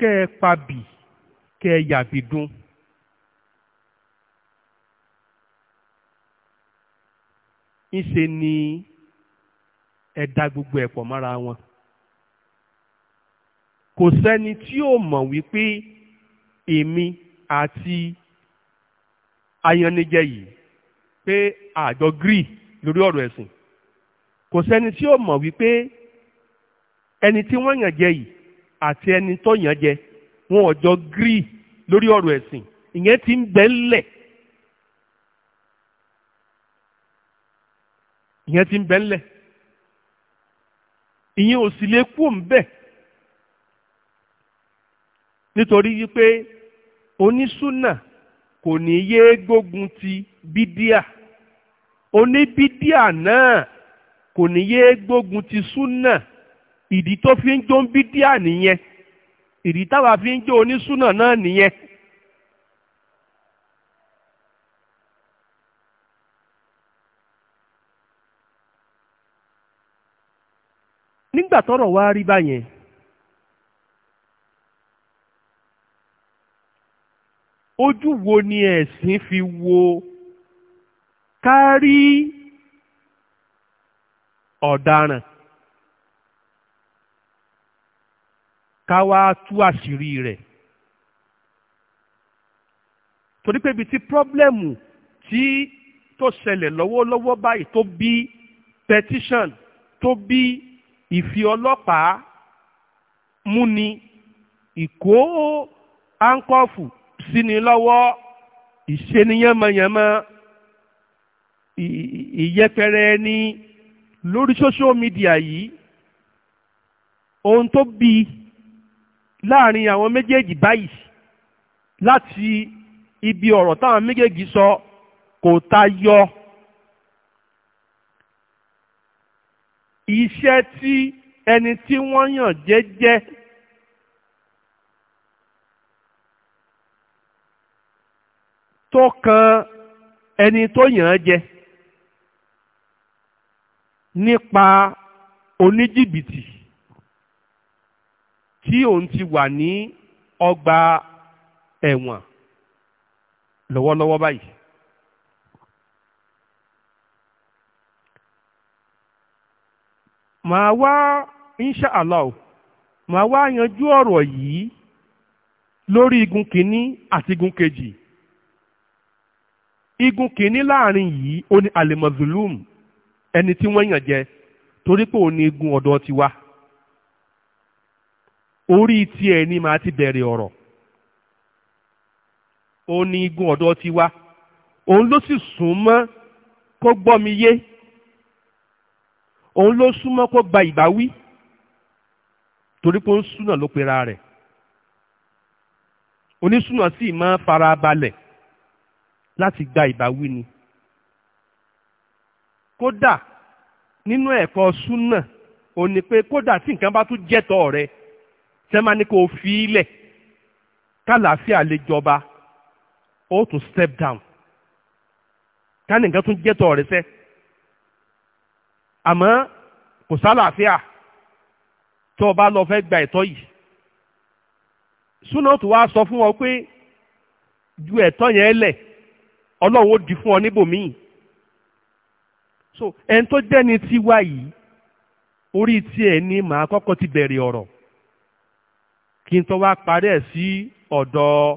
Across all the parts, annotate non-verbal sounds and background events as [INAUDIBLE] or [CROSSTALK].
kẹ́ ẹ pabì kẹ́ ẹ yàbì dun. ńṣe ni ẹ da gbogbo ẹ̀ pọ̀ mọ́ra wọn. kò sẹ́ni tí ò mọ̀ wípé èmi àti ayannijẹ yìí pé àjọ gírì lórí ọ̀rọ̀ ẹ̀sìn kò sẹ́ni tí ò mọ̀ wípé ẹni tí wọ́n yàn jẹ yìí àti ẹni tó jẹ wọn ò jọ gírì lórí ọ̀rọ̀ ẹ̀sìn ìyẹn ti ń bẹ ńlẹ̀ ìyẹn ti ń bẹ ńlẹ̀ ìyẹn ò sì lè kú nítorí wípé onísùnà kò ní yéé gbógun ti bídíà oníbídíà náà kò ní yéé gbógun ti súnà. ìdí tó fi ń jó ń bí díà nìyẹn ìdí táwa fi ń jó onísùnà náà nìyẹn. nígbà tọ́rọ̀ wá rí báyẹn ojú wo ni ẹ̀sìn fi wo kárí ọ̀daràn ká wá tú àṣírí rẹ̀ torí pé ibi tí pírọ́blẹ́mù tí tó ṣẹlẹ̀ lọ́wọ́lọ́wọ́ báyìí tó bí petition tó bí ìfi ọlọ́pàá múni ìkó áńkọ́fù síni lọ́wọ́ ìṣeniyánmọ̀yánmọ́ ìyẹpẹrẹ ẹni lórí social media yìí ohun tó bí láàrin àwọn méjèèjì báyìí láti ibi ọ̀rọ̀ táwọn méjèèjì sọ kò tayọ iṣẹ́ tí ẹni tí wọ́n yàn jẹ́jẹ́ tó kan ẹni tó yàn jẹ nípa oníjìbìtì tí òun ti wà ní ọgbà ẹ̀wọ̀n lọ́wọ́lọ́wọ́ báyìí. màá wá insha Allah màá wá yanjú ọ̀rọ̀ yìí lórí igun kìíní àti igun kejì igun kìíní láàrin yìí ó ní alimazulum ẹni tí wọ́n yàn jẹ torí pé òun ni igun ọ̀dọ́ tiwa orí tiẹ̀ ni màá ti bẹ̀rẹ̀ ọ̀rọ̀ ó ní igun ọ̀dọ́ ti wá òun ló sì sún mọ́ kó gbọ́ mi yé òun ló súnmọ́ kó gba ìbáwí torí pé ó ń súnà ló pera rẹ̀ onísúnà sì máa fara balẹ̀ láti gba ìbáwí ni kódà nínú ẹ̀kọ́ súnà ò ní pé kódà tí nǹkan bá tún jẹ́tọ̀ọ́ rẹ̀ tẹ́mà ní kò fi ilẹ̀ kálàáfíà lè jọba ó tún step down ká ní nǹkan tún jẹ́tọ̀ rẹ sẹ́ àmọ́ kò sálàáfíà tó o bá lọ fẹ́ gba ẹ̀tọ́ yìí súnà tó wá sọ fún ọ pé ju ẹ̀tọ́ yẹn lẹ̀ ọlọ́run di fún ọ níbòmíì so ẹni tó jẹ́ni tiwa yìí orí tiẹ̀ ni màá kọ́kọ́ ti bẹ̀rẹ̀ ọ̀rọ̀ kí n tó wá parí ẹ̀ sí ọ̀dọ̀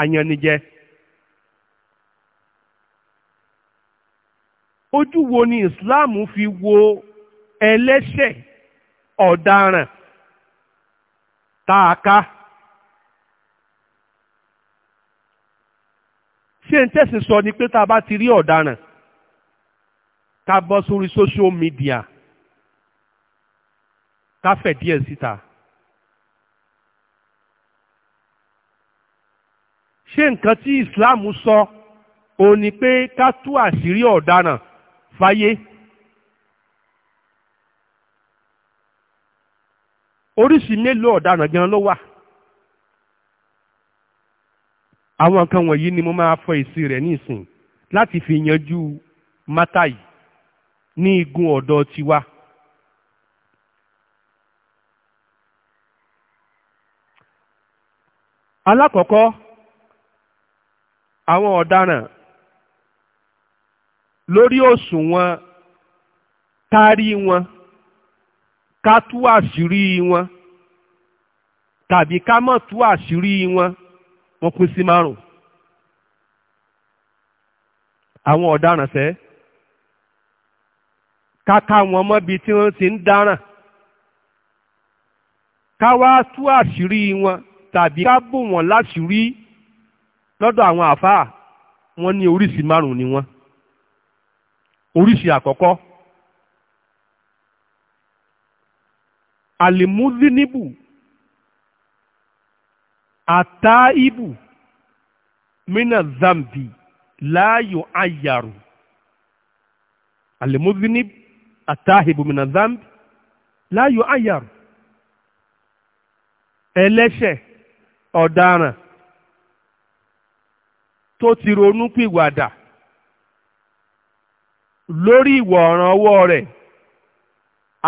ayanijẹ. ojú wo ni Islam fi wo ẹlẹ́ṣẹ̀ ọ̀daràn tààká ṣé n tẹ̀sí sọ ni pé tá a bá ti rí ọ̀daràn ká bọ́ sórí social media ká fẹ̀ díẹ̀ síta. Si ṣé nǹkan tí Islam sọ ò ní pé ká tú àṣírí ọ̀daràn fáyé oríṣìí mélòó ọ̀daràn gan ló wà àwọn nǹkan wọ̀nyí ni mo máa fọ èsì rẹ̀ nísìn láti fi yanjú mátà yìí ní igun ọ̀dọ̀ tiwa. alákọ̀ọ́kọ́ àwọn ọ̀daràn lórí wọn tárí wọn ká tú àṣírí wọn tàbí ká má tú àṣírí wọn wọn pín sí márùn àwọn ọ̀daràn sẹ́ káká wọn mọ́bi tí wọ́n ti ń dáràn ká wá tú àṣírí wọn tàbí ká bò wọ́n láṣìírí lọ́dọ̀ àwọn àfáà wọ́n ní oríṣi márùn-ún ni wọ́n oríṣi àkọ́kọ́ alimuzinibu ataibu mina zambi láàyò ayaru alimuzinibu ataibu mina zambi láàyò ayaru ẹlẹ́ṣẹ̀ ọ̀daràn tó ti ronúpìwàdà lórí ìwọ̀ ọ̀ràn ọwọ́ rẹ̀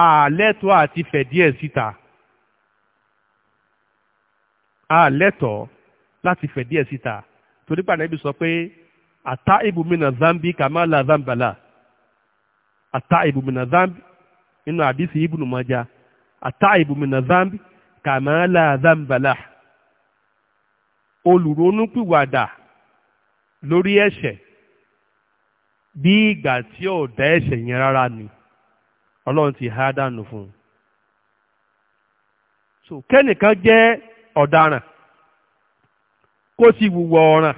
àlẹ́tọ̀ọ́ àti fẹ̀dí ẹ̀ síta àlẹ́tọ̀ọ́ láti fẹ̀dí ẹ̀ síta torí pàdébí sọ pé àtá ibùmínà zambi kàmáàlà zambala àtá ibùmínà zambi nínú àdísì ibùnú mọ́já àtá ibùmínà zambi kàmáàlà zambala olùronúpìwàdà lórí ẹ̀ṣẹ̀ bí ìgbà tí ò dá ẹ̀ṣẹ̀ yẹn rárá ni ọlọ́run ti há dànù fún un. so kẹ́nìkan jẹ́ ọ̀daràn kó sì wùwọ̀ ọ̀ràn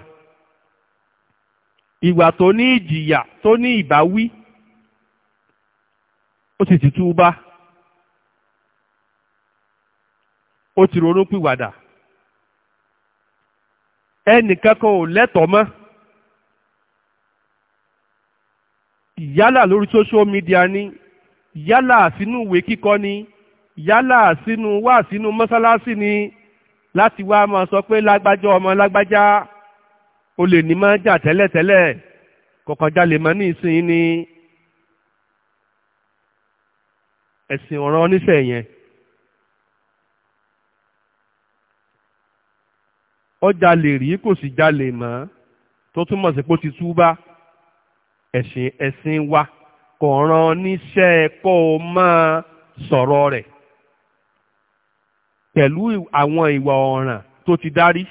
ìwà tó ní ìjìyà tó ní ìbáwí ó sì ti túbá ó ti ronú pìwàdà ẹnìkan kan ò lẹ́tọ̀ọ́ mọ́. yálà lórí social media ni yálà sínú ìwé kíkọ ni yálà sínú wá sínú mọ́sálásí ni láti wá máa sọ pé lágbájá ọmọ lágbájá o lè ní máa jà tẹ́lẹ̀tẹ́lẹ̀ kọ̀kọ̀já lè máa ní ìsìn ni ẹ̀sìn ọ̀ràn oníṣẹ́ yẹn. ọjà lè rí kò sì jalè mọ́ tó túmọ̀ sí pé ó ti túbá ẹ̀sìn ẹ̀sìn wa kò rán níṣẹ́ kó o máa sọ̀rọ̀ rẹ̀ pẹ̀lú àwọn ìwà ọ̀ràn tó ti dárí.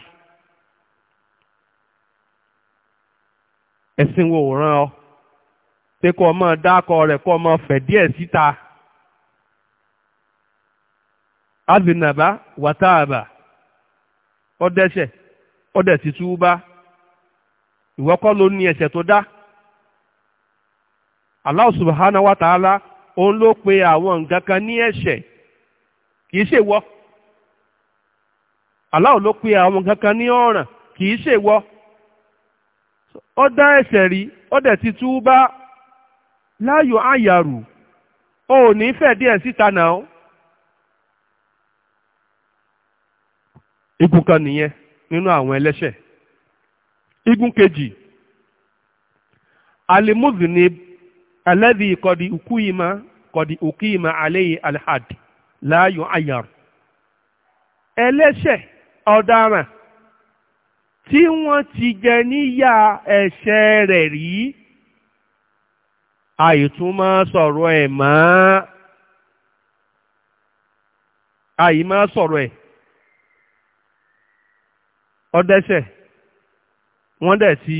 ẹ̀sìn wo ràn ọ́ pé kó o máa dákọ rẹ̀ kó o máa fẹ̀ díẹ̀ síta. azinaba wàtáàbà ọdẹṣẹ ọdẹ títúbà ìwọ ló ní ẹ̀ṣẹ̀ tó dá. Allah subhanahu wa òun ló pe àwọn nǹkan kan ní ẹ̀ṣẹ̀ ló pe àwọn nǹkan kan ní ọ̀ràn kì í ṣèwọ ó dá ẹ̀ṣẹ̀ rí ó dẹ̀ ti túbá láyò àyàrù o ò ní fẹ́ díẹ̀ síta náà igun kan nìyẹn nínú àwọn ẹlẹ́ṣẹ̀ igun kejì ni alẹ́bí kọ̀dí ukúyìmá kọ̀dí ukúyìmá alẹ́yìn alhad láàyò ayar ẹlẹ́ṣẹ̀ ọ̀daràn tí wọ́n ti jẹ níyà ẹ̀ṣẹ̀ rẹ̀ rí àìtúmọ̀ sọ̀rọ̀ ẹ̀ mọ́ àìmọ́ sọ̀rọ̀ ẹ̀ ọdẹ́ṣẹ̀ wọ́n dẹ̀ ti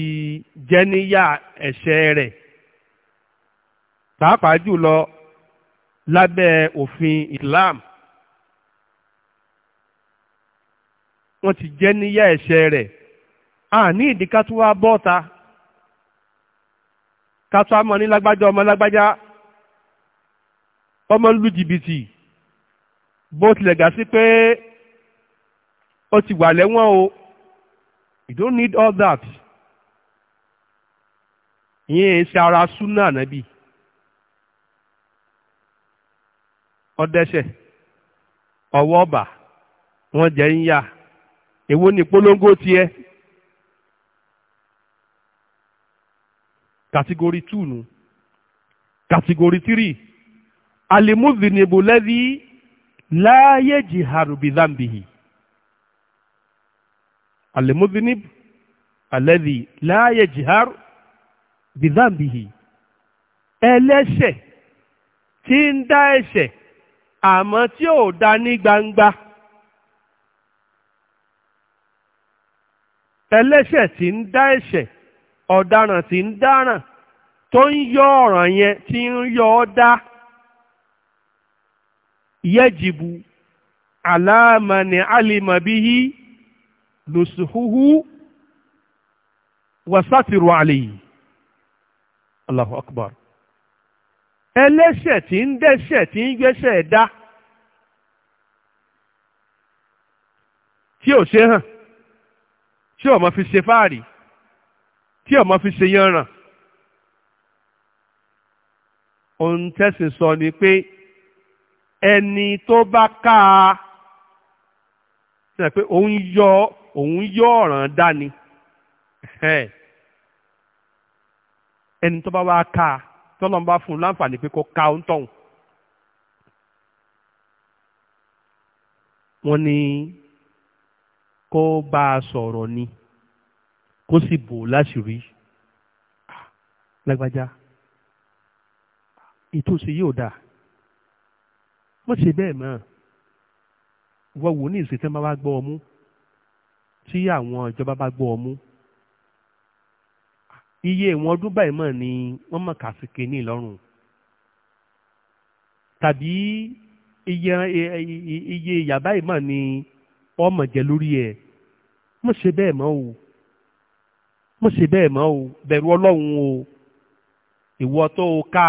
jẹ níyà ẹ̀ṣẹ̀ rẹ̀ pàápàá jùlọ lábẹ́ òfin Islam wọ́n ti jẹ́ níyà ẹ̀ṣẹ̀ rẹ̀ àní ìdí ká tún wá bọ́ta ká tún àmọ́ ní lágbájá ọmọ lágbájá ọmọ ń lu jìbìtì bó tilẹ̀ gà sí pé ó ti wà lẹ́wọ̀n o you don't need all that ìyẹn ṣe ara súnà nàbì. ọdẹ́sẹ̀ ọwọ́ ọ̀bà wọ́n jẹ́ ń yá èwo ni polongo tiẹ̀ kàtígórì two nu kàtígórì three alimuzinibu lẹ́dí láàyè jìhàrù bìzàmbìhì alimuzinibu alẹ́dí láàyè jìhàrù bìzàmbìhì ẹlẹ́ṣẹ̀ tí ń dá ẹ̀ṣẹ̀. àmọ́ tí ò dá ní gbangba ẹlẹ́ṣẹ̀ tí ń dá ẹ̀ṣẹ̀ ọ̀daràn tí ń dáràn tó ń yọ ọ̀ràn yẹn tí ń yọ ọ́ dá yẹ́jìbù aláàmàní alìmọ̀bíyí lùsùhùhù wàsátìrù àlè yìí Allahu akbar. ẹlẹ́ṣẹ̀ tí ń dẹ́ṣẹ̀ tí ń gbẹ́ṣẹ̀ dá tí ò ṣe hàn tí ọmọ fi ṣe fáàrí tí ọmọ fi ṣe yanràn ohun tẹ́sìn sọ ni pé ẹni tó bá ká a sọ pé òun yọ òun yọ ọ̀ràn dání ẹni tó bá wá ká a tọ́lọ́n bá fún un láǹfààní pé kó ká ó ń tọ̀hún. wọ́n ní kó bá a sọ̀rọ̀ ni kó sì bò láṣìírí lágbájá ìtòsí yóò dáa wọ́n ṣe bẹ́ẹ̀ mọ́ wọ́n wò ní ìsìn tí wọ́n bá gbọ́ ọ mú tí àwọn ìjọba bá gbọ́ ọ mú iye ìwọ̀n ọdún báyìí mọ̀ ni wọ́n mọ̀ kà sí kìíní lọ́rùn tàbí iye iye ìyà báyìí mọ̀ ni ọmọ jẹ lórí ẹ̀ mọ̀ ṣe bẹ́ẹ̀ mọ́ o mọ̀ ṣe bẹ́ẹ̀ mọ́ o bẹ̀rù ọlọ́run o ìwọ tó o ká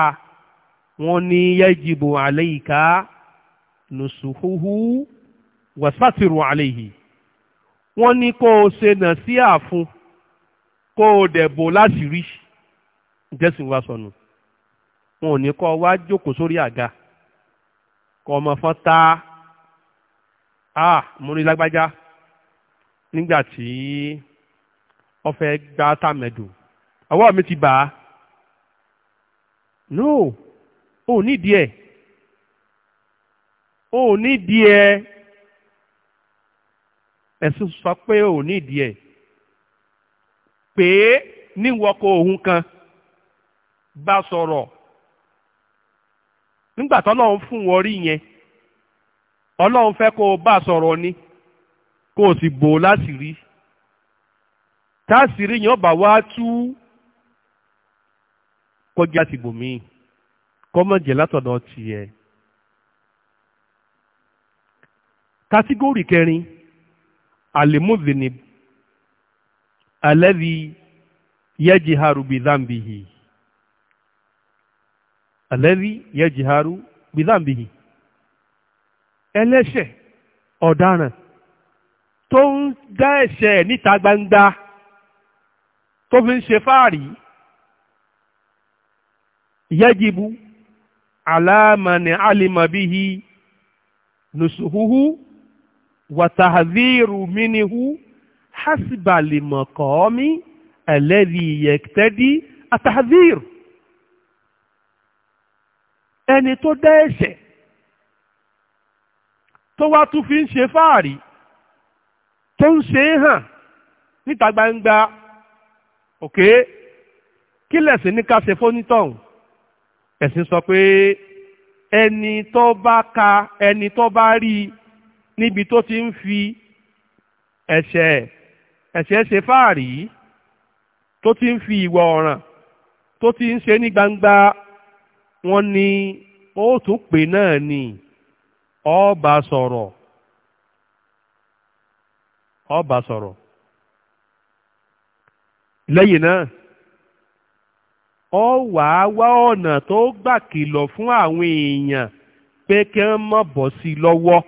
wọn ní yẹ́jìbò àlẹ́ ìka nùsùhùhù wàsátìrù àlẹ́ yìí wọ́n ní kó o ṣe nà sí àfún kó o dẹ̀ bò láṣìírí ìjẹ́sìn wa sọnù wọn ò ní kọ́ wá jókòó sórí àga kọ́ ọmọ fọ́n tá a mo ní lágbájá nígbà tí wọ́n fẹ́ gbá tàmẹ̀dù ọwọ́ mi ti bà á no o ò nídìí o ò nídìí ẹ̀ ẹ̀sùn sọ pé o ò nídìí pè é níwọkọ òun kan bá sọ̀rọ̀ nígbà tọ́lọ́run fún wọn rí yẹn ọlọ́run fẹ́ kó o bá sọ̀rọ̀ ni kó o sì bò rí láṣìírí táṣìírí yẹn ọba wá tú kọjá ti bò míì kọ́mọ̀jẹ̀ látọ̀dọ̀ tiẹ̀. kátígórì kẹrin àlèmúzinib alladhi yajharu bi dhanbihi alladhi yajharu bi dhanbihi ẹlẹ́ṣẹ̀ ọ̀daràn tó ń dá ẹ̀ṣẹ̀ níta gbangba tó fi ń ṣe fáàrí yajibu ala man alima bihi nusuhuhu hasibalimọ̀kọ́ọ́mí ẹ̀lẹ́rì yẹ̀tẹ́dí atahazir ẹni tó dá ẹ̀ṣẹ̀ tó wá tún fi ń ṣe fáàrí tó ń ṣe é hàn níta gbangba òkè kí lẹ̀sìn ní ká ṣe fónítọ̀hún ẹ̀sìn sọ pé ẹni tó bá ka ẹni tó bá rí níbi tó ti ń fi ẹ̀ṣẹ̀ ẹ̀ṣẹ̀ ṣe fáàrí tó ti ń fi ìwà ọ̀ràn tó ti ń ṣe ní gbangba wọn ni ó tún pè náà ni ọba sọ̀rọ̀ ọba sọ̀rọ̀ lẹ́yìn náà ọ wà á wá ọ̀nà tó gbà kìlọ̀ fún àwọn èèyàn pé kí wọ́n má bọ́ sí i lọ́wọ́.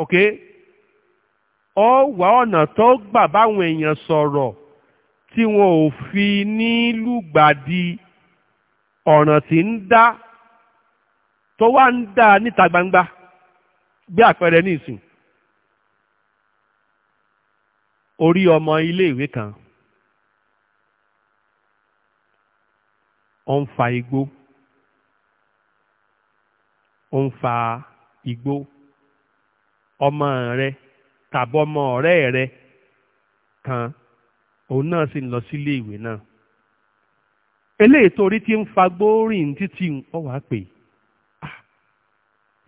ok ọ wá ọ̀nà tó gbà báwọn èèyàn sọ̀rọ̀ tí wọn ò fi ní lùgbàdì ọ̀ràn tí ń dá tó wá ń dá níta gbangba bí àpẹẹrẹ ní ìsìn orí ọmọ iléèwé kan ó ń fa igbó ó ń fa igbó ọmọ rẹ tàbí ọmọ ọ̀rẹ́ rẹ kan òun náà sì ń lọ sílé ìwé náà eléyìí torí ti ń fagbó rìn títí ọ wàá pè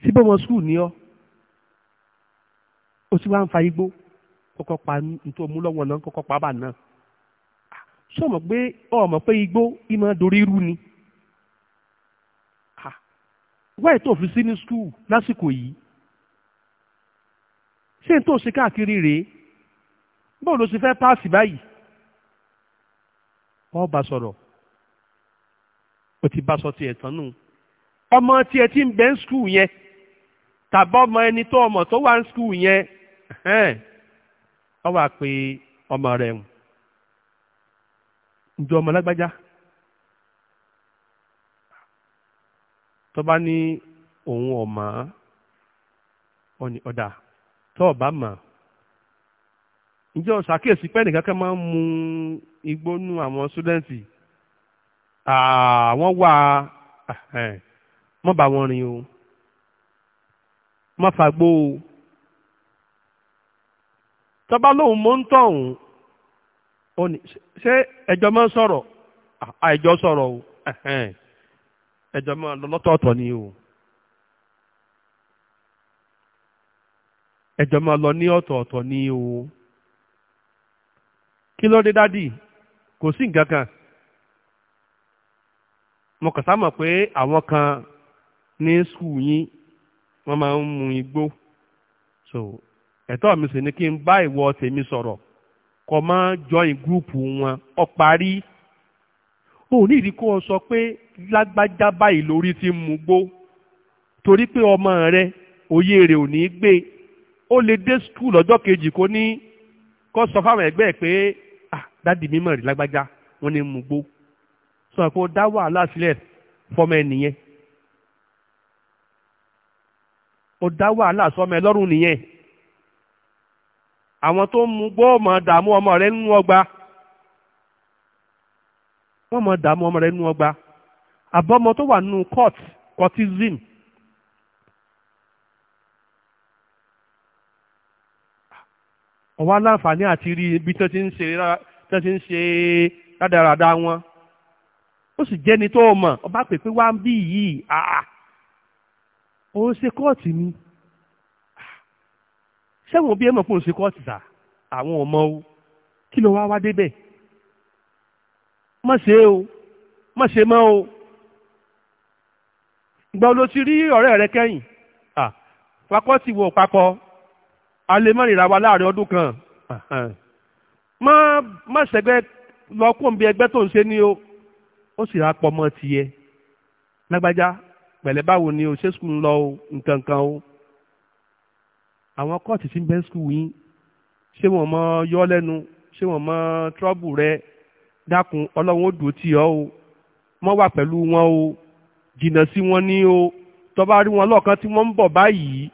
síbẹ̀ ah, wọn skul ni ọ ó sì wá ń fa igbó kọ́kọ́ pa nítorí mú lọ́wọ́ náà kọ́kọ́ pa bà náà sọmọ ah, pé ọmọ pé igbó ìmọ̀ dorí rú ni ah, wáyé tó fi sí ní skul lásìkò yìí ṣé tó ṣe káàkiri rèé bóun ló ṣe fẹ́ páàsì báyìí wọ́n bá sọ̀rọ̀ ó ti bá sọ tiẹ̀ tán nù ọmọ tiẹ̀ tí ń bẹ ń skul yẹn ọmọ ẹni tó ọmọ tó wà ń yẹn ọ wà pé ọmọ rẹ̀ ń ǹjọ́ ọmọ lágbájá tó bá ní òun ọ ni ọ̀dà tọ ọba mọ̀ ǹjẹ́ o ṣàkíyèsí pé ẹnìkan kan máa ń mu igbó nú àwọn ṣúdẹ́ǹtì àwọn wà mọ́ bá wọn rìn o mọ́ fàgbó o tọ́ba lóhùn mọ́ ń tọ̀hún ó ní ṣé ẹjọ́ máa ń sọ̀rọ̀ àìjọ o ẹjọ́ máa lọ lọ́tọ̀ọ̀tọ̀ ni o. ẹjọ́ máa lọ ní ọ̀tọ̀ọ̀tọ̀ ní o kí ló dé dádì kò sí nǹkan kan mo kàn sáà mọ̀ pé àwọn kan ní skul yín wọ́n máa ń mu igbó so ẹ̀tọ́ mi sì ni kí n bá ìwọ tèmi sọ̀rọ̀ kó má join gúrùpù wọn Ọ parí O ní ìdí kó o sọ pé lágbájá báyìí lórí ti mú gbó torí pé ọmọ rẹ òye rẹ ò ní gbé ó lè dé skul ọjọ́ kejì kó ní kó sọ fáwọn ẹgbẹ́ ẹ̀ pé ah dáàdi mímọ̀ rí lágbájá wọ́n ní mú gbó sọ pé ó dá wàhálà sílẹ̀ fọmọ ẹnìyẹn ó dá wàhálà sọmọ ẹ lọ́rùn nìyẹn àwọn tó ń mú gbó ọmọ dààmú ọmọ rẹ nínú ọgbà wọ́n mọ̀ dààmú ọmọ rẹ nínú ọgbà àbọ̀mọ tó wà nínú court courtism ọwọ́ aláǹfààní àti rí ibi tó ti ń ṣe rádaràda wọn ó sì jẹ́ni tó mọ̀ ọba pè pé wá ń bí yìí àà ó ṣe kóòtù ni sẹ́wọ̀n bí ẹ mọ̀ pé ó ṣe kóòtù sà àwọn ọmọ o kí ló wá wá débẹ̀ má ṣe o má ṣe mọ́ o ìgbà wo ló ti rí ọ̀rẹ́ rẹ kẹ́yìn fakọ́tì wò papọ̀ a lè má ríra wa láàrin ọdún kan má má ṣẹgbẹ́ lọ kóńbi ẹgbẹ́ tó ń ṣe ní o ó sì ra mọ́ tiẹ̀ lágbájá pẹ̀lẹ́ báwo ni o ṣé skul lọ o nǹkan kan o àwọn kọ́ọ̀tù tí ń bẹ́ skul yín ṣé wọ́n mọ yọ lẹ́nu ṣé wọ́n mọ trọ́bù rẹ dákun ọlọ́run ó dùn tì ọ́ o mọ́ wà pẹ̀lú wọn o jìnnà sí wọn ní o tọ́ba rí wọn lọ́ọ̀kan tí wọ́n ń bọ̀ báyìí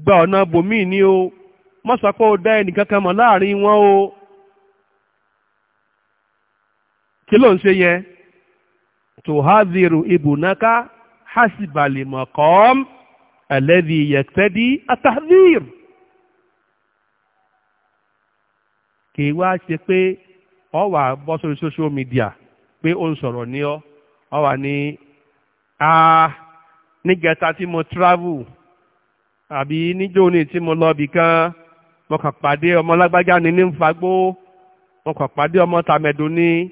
gba ọ̀nà bòmíì ni o má sọ pé ma mọ̀ láàrin wọn o kí ló ń ṣe yẹn tòhádìrú ibùnáká hásìbàlìmọ̀kọ́m ẹ̀lẹ́dì yẹ̀tẹ́dí àtàdìr kì í wá ṣe pé ọ wà bọ́ sórí social media pé ó ń sọ̀rọ̀ ní ọ ọ wà ní a ah, nígẹta tí mo travel àbí níjó ní tí mo lọ bì kan mo kàn pàdé ọmọ lágbájá ni ní ń fagbó mo kàn pàdé ọmọ tàmẹ̀dùn ni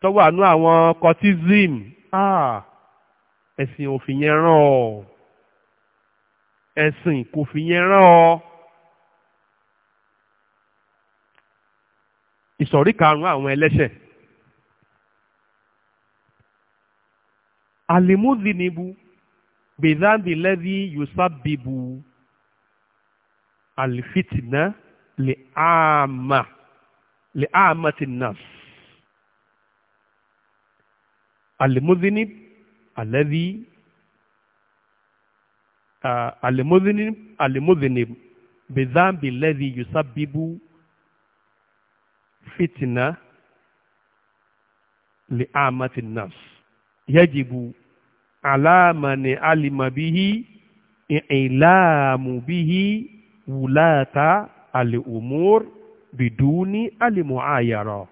tó wà nú àwọn cortism ah, ẹ̀sìn òfin yẹn rán ọ ẹ̀sìn kò fi yẹn rán ọ. ìsọ̀rí karùn-ún àwọn ẹlẹ́ṣẹ̀. àlèmúzìnìbu بذنب الذي يسبب الفتنة لعامة لعامة الناس المذنب الذي آه، المذنب المذنب بذنب الذي يسبب فتنة لعامة الناس يجب aláàmàní alìmọ̀bíhí ìlàmùbíhí wùláta alìhùmúr bìdúní alìmọ̀ àyàrọ̀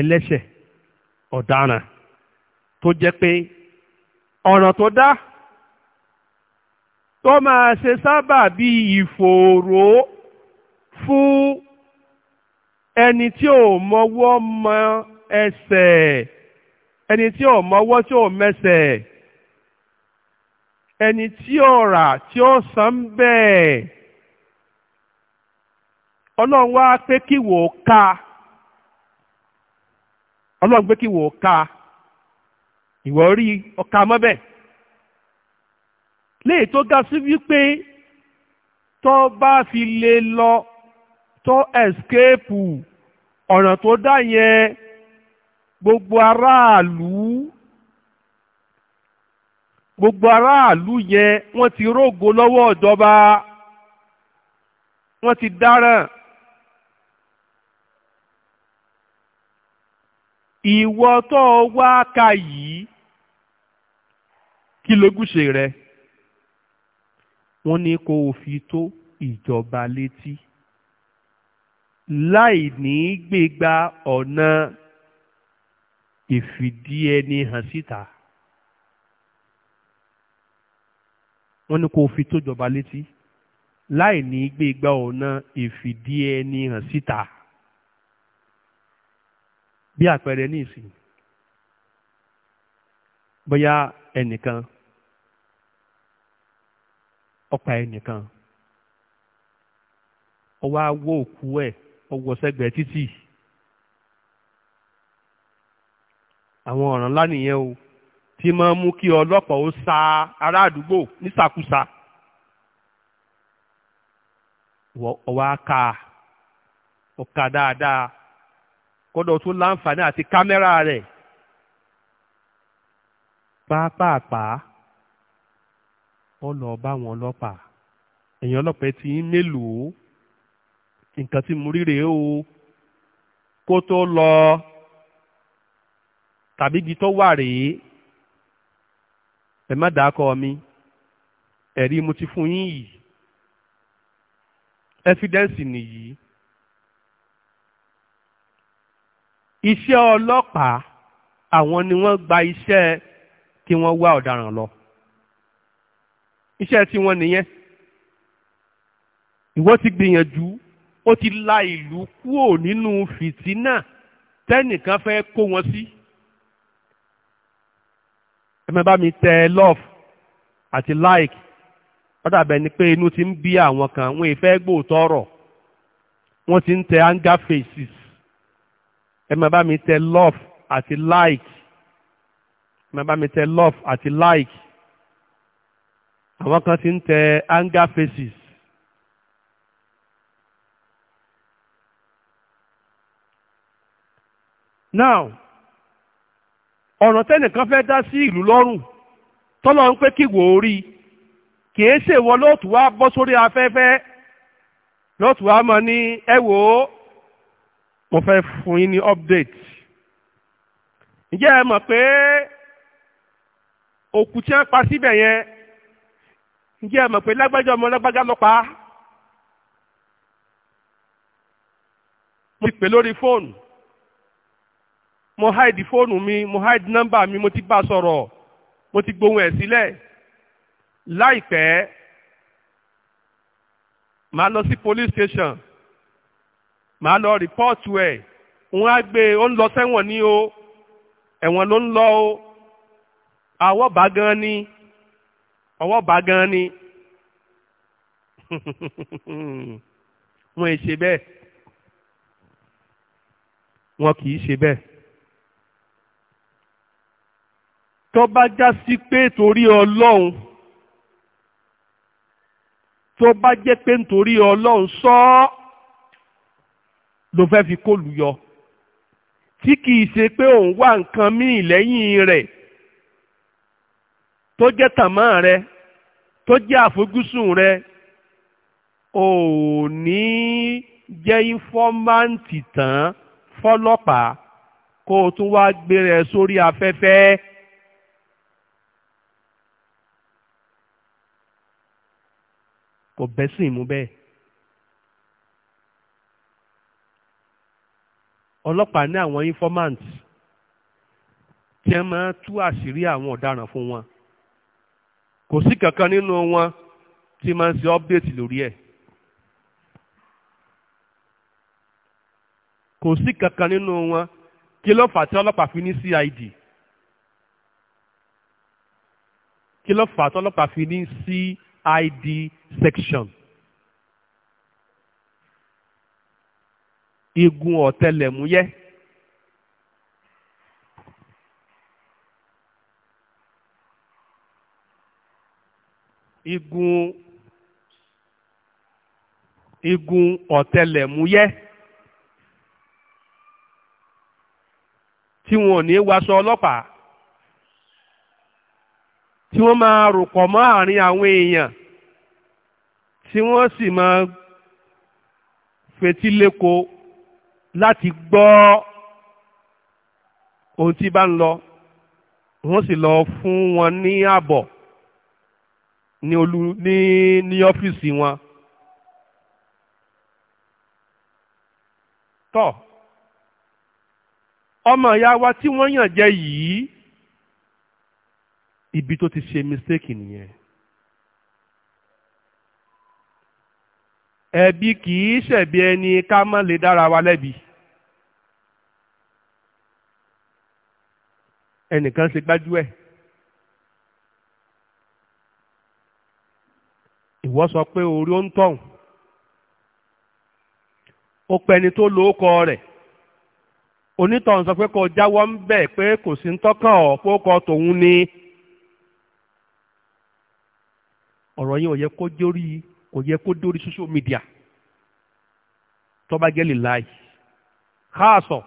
ẹlẹ́ṣẹ̀ ọ̀daràn tó jẹ́ pé ọ̀ràn tó dá tó máa ṣe sábà bí ìfòòró fún ẹni tí ò mọwọ́ mọ ẹsẹ̀ ẹni tí ò mọwọ́ tí ò mẹsẹ̀ ẹni tí ò rà tí ò san bẹ́ẹ̀ ọlọ́run wá pé kí wò ó ká ọlọ́run pé kí wò ó ká ìwọ rí mọ́bẹ̀ léyìí tó ga sí wípé tó bá fi lè lọ tó ẹ̀skẹ́pù ọ̀nà tó dá yẹn. gbogbo aráàlú gbogbo aráàlú yẹn wọ́n ti rógo lọ́wọ́ ìjọba wọ́n ti dáràn ìwọ tó wá ka yìí kí lógúnṣe rẹ wọ́n ní kó fi tó ìjọba létí láì ní gbégbá ọ̀nà ìfìdí ẹni hàn síta wọ́n ní kó fi tó jọba létí láì ní gbé igbá ọ̀nà ìfìdí ẹni hàn síta bí àpẹẹrẹ ní ìsìn bóyá ẹnìkan ó pa ẹnìkan ó wá wó òkú ẹ̀ ó sẹ́gbẹ̀ẹ́ títì. àwọn ọ̀ràn ńlá nìyẹn o tí máa mú kí ọlọ́pàá ó sa ará àdúgbò nísàkúsà ọwọ́ ká ọ̀ka dáadáa kọ́dọ̀ tó láǹfààní àti kámẹ́rà rẹ̀ pàápàá ọlọ́ bá wọn ọlọ́pàá ẹ̀yìn ọlọ́pàá ti ń mélòó nǹkan tí mo rí rèé o kó tó lọ tàbí igi tó wà rèé ẹ má dàákọ mi ẹ̀rí mo ti fún yín yìí ẹ́fídẹ́ǹsì nìyí iṣẹ́ ọlọ́pàá àwọn ni wọ́n gba iṣẹ́ kí wọ́n wá ọ̀daràn lọ iṣẹ́ tí wọ́n nìyẹn ìwọ ti gbìyànjú ó ti la ìlú kúò nínú fìtínà tẹ́nìkan fẹ́ kó wọn sí. Si ẹ máa bá mi tẹ love àti like ó dàbẹ̀ ni pé inú ti ń bí àwọn kan wọn ìfẹ́ gbòòtọ́ ọ̀rọ̀ wọ́n ti ń tẹ anger faces ẹ máa bá mi tẹ love àti like ẹ máa bá mi tẹ love àti like àwọn kan ti ń tẹ anger faces. now ọ̀rọ̀ tẹ́nìkan fẹ́ dá sí ìlú lọ́rùn tọ́lọ́ ń pé kí wò ó rí i kìí ṣèwọ lóòtù wá bọ́ sórí afẹ́fẹ́ lóòtù wá mọ̀ ní ẹ wò ó mo fẹ́ fún yín ní update ǹjẹ́ ẹ mọ̀ pé òkú tí wọ́n pa síbẹ̀ yẹn ǹjẹ́ ẹ mọ̀ pé lágbájá ọmọ lágbájá ló pa mo pè lórí fóònù mo hide fóònù mi mo hide nọ́mbà mi mo ti bá sọ̀rọ̀ mo ti gbohun ẹ̀ sílẹ̀ láìpẹ́ màá lọ sí police station màá lọ rìpọ́ọ̀tù ẹ̀ wọ́n á gbé ó ń lọ sẹ́wọ̀n ní o ẹ̀wọ̀n ló ń lọ o àwọ̀ bá gan ni ọwọ́ bá gan ni [LAUGHS] wọ́n ì ṣe bẹ́ẹ̀ wọ́n kì í ṣe bẹ́ẹ̀. tó bá já sí pé torí ọlọ́run tó bá jẹ́ pé nítorí ọlọ́run sọ ọ́ ló fẹ́ fi kó lùyọ tí kìí ṣe pé òun wá nǹkan míì lẹ́yìn rẹ̀ tó jẹ́ tàmọ́ rẹ tó jẹ́ àfojúsùn rẹ ò ní jẹ́ ìfọ́máǹtì tán fọ́lọ́pàá kó o tún wá gbé rẹ sórí afẹ́fẹ́. kò bẹ́sìn mú bẹ́ẹ̀. ọlọ́pàá ní àwọn informant tí ẹ máa tú àṣírí àwọn ọ̀daràn fún wọn kò sí kankan nínú wọn tí máa ń ṣe update lórí ẹ̀ kò sí kankan nínú wọn kí ló fà tí ọlọ́pàá fi ní CID kí ló fà tí ọlọ́pàá fi ní CID. ID section. Igun ọ̀tẹlẹ̀múyẹ́. Igun igun ọ̀tẹlẹ̀múyẹ́. Tí wọn ò ní wáṣọ ọlọ́pàá tí wọ́n máa rò pọ̀ mọ́ àárín àwọn èèyàn tí wọ́n sì máa fetíléko láti gbọ́ ohun tí bá ń lọ wọ́n sì lọ fún wọn ní ààbọ̀ ní olú ní ní ọ́fíìsì wọn. tọ́ ọmọ ìyá wa tí wọ́n yàn jẹ yìí ibi tó ti ṣe mistake nìyẹn. ẹ̀bi kì í ṣẹ̀bi ẹni ká má lè dára wa lẹ́bi. ẹnìkan ṣe gbájú ẹ̀. ìwọ sọ pé orí ó ń tọ̀hún. ó pẹni tó lo ókọ rẹ̀. onítọ̀hún sọ pé kò jáwọ́ ń bẹ̀ pé kò sí ń tọ́kàn ọ̀ pé ó kọ tòun ni. ọ̀rọ̀ yẹn ò yẹ kó dórí kò yẹ kó dórí social media tọ́ba gẹ́lì láì káàsọ̀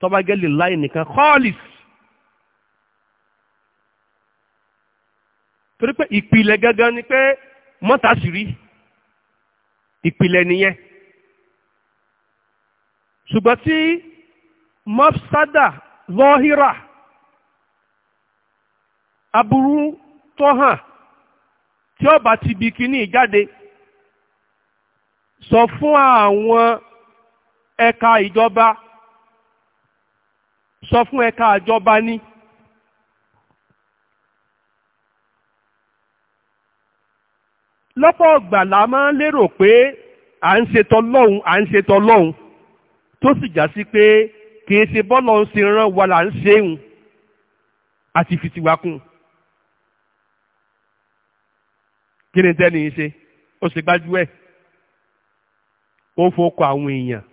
tọ́ba gẹ́lì láì nìkan kọ́ọ̀lìs. torí pé ìpìlẹ̀ gangan ni pé mọ́tà sì rí ìpìlẹ̀ nìyẹn ṣùgbọ́n tí mọ́sádà lọ́hírà aburú tó hàn tí ó bá ti bi kíní jáde sọ fún àwọn ẹ̀ka ìjọba sọ fún ẹ̀ka ìjọba ní. lọ́pọ̀ ọgbà la máa ń lérò pé à ń ṣe tọlọ́hun à ń ṣe tọlọ́hun tó sì já sí pé kì í ṣe bọ́lọ̀ ń ṣe rán wa là ń ṣe é hùn àti fìtìwákùn. kí ni tẹ́ni ṣe ó ṣe gbájú ẹ̀ ó fọkọ àwọn èèyàn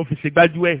ó fi ṣe gbájú ẹ̀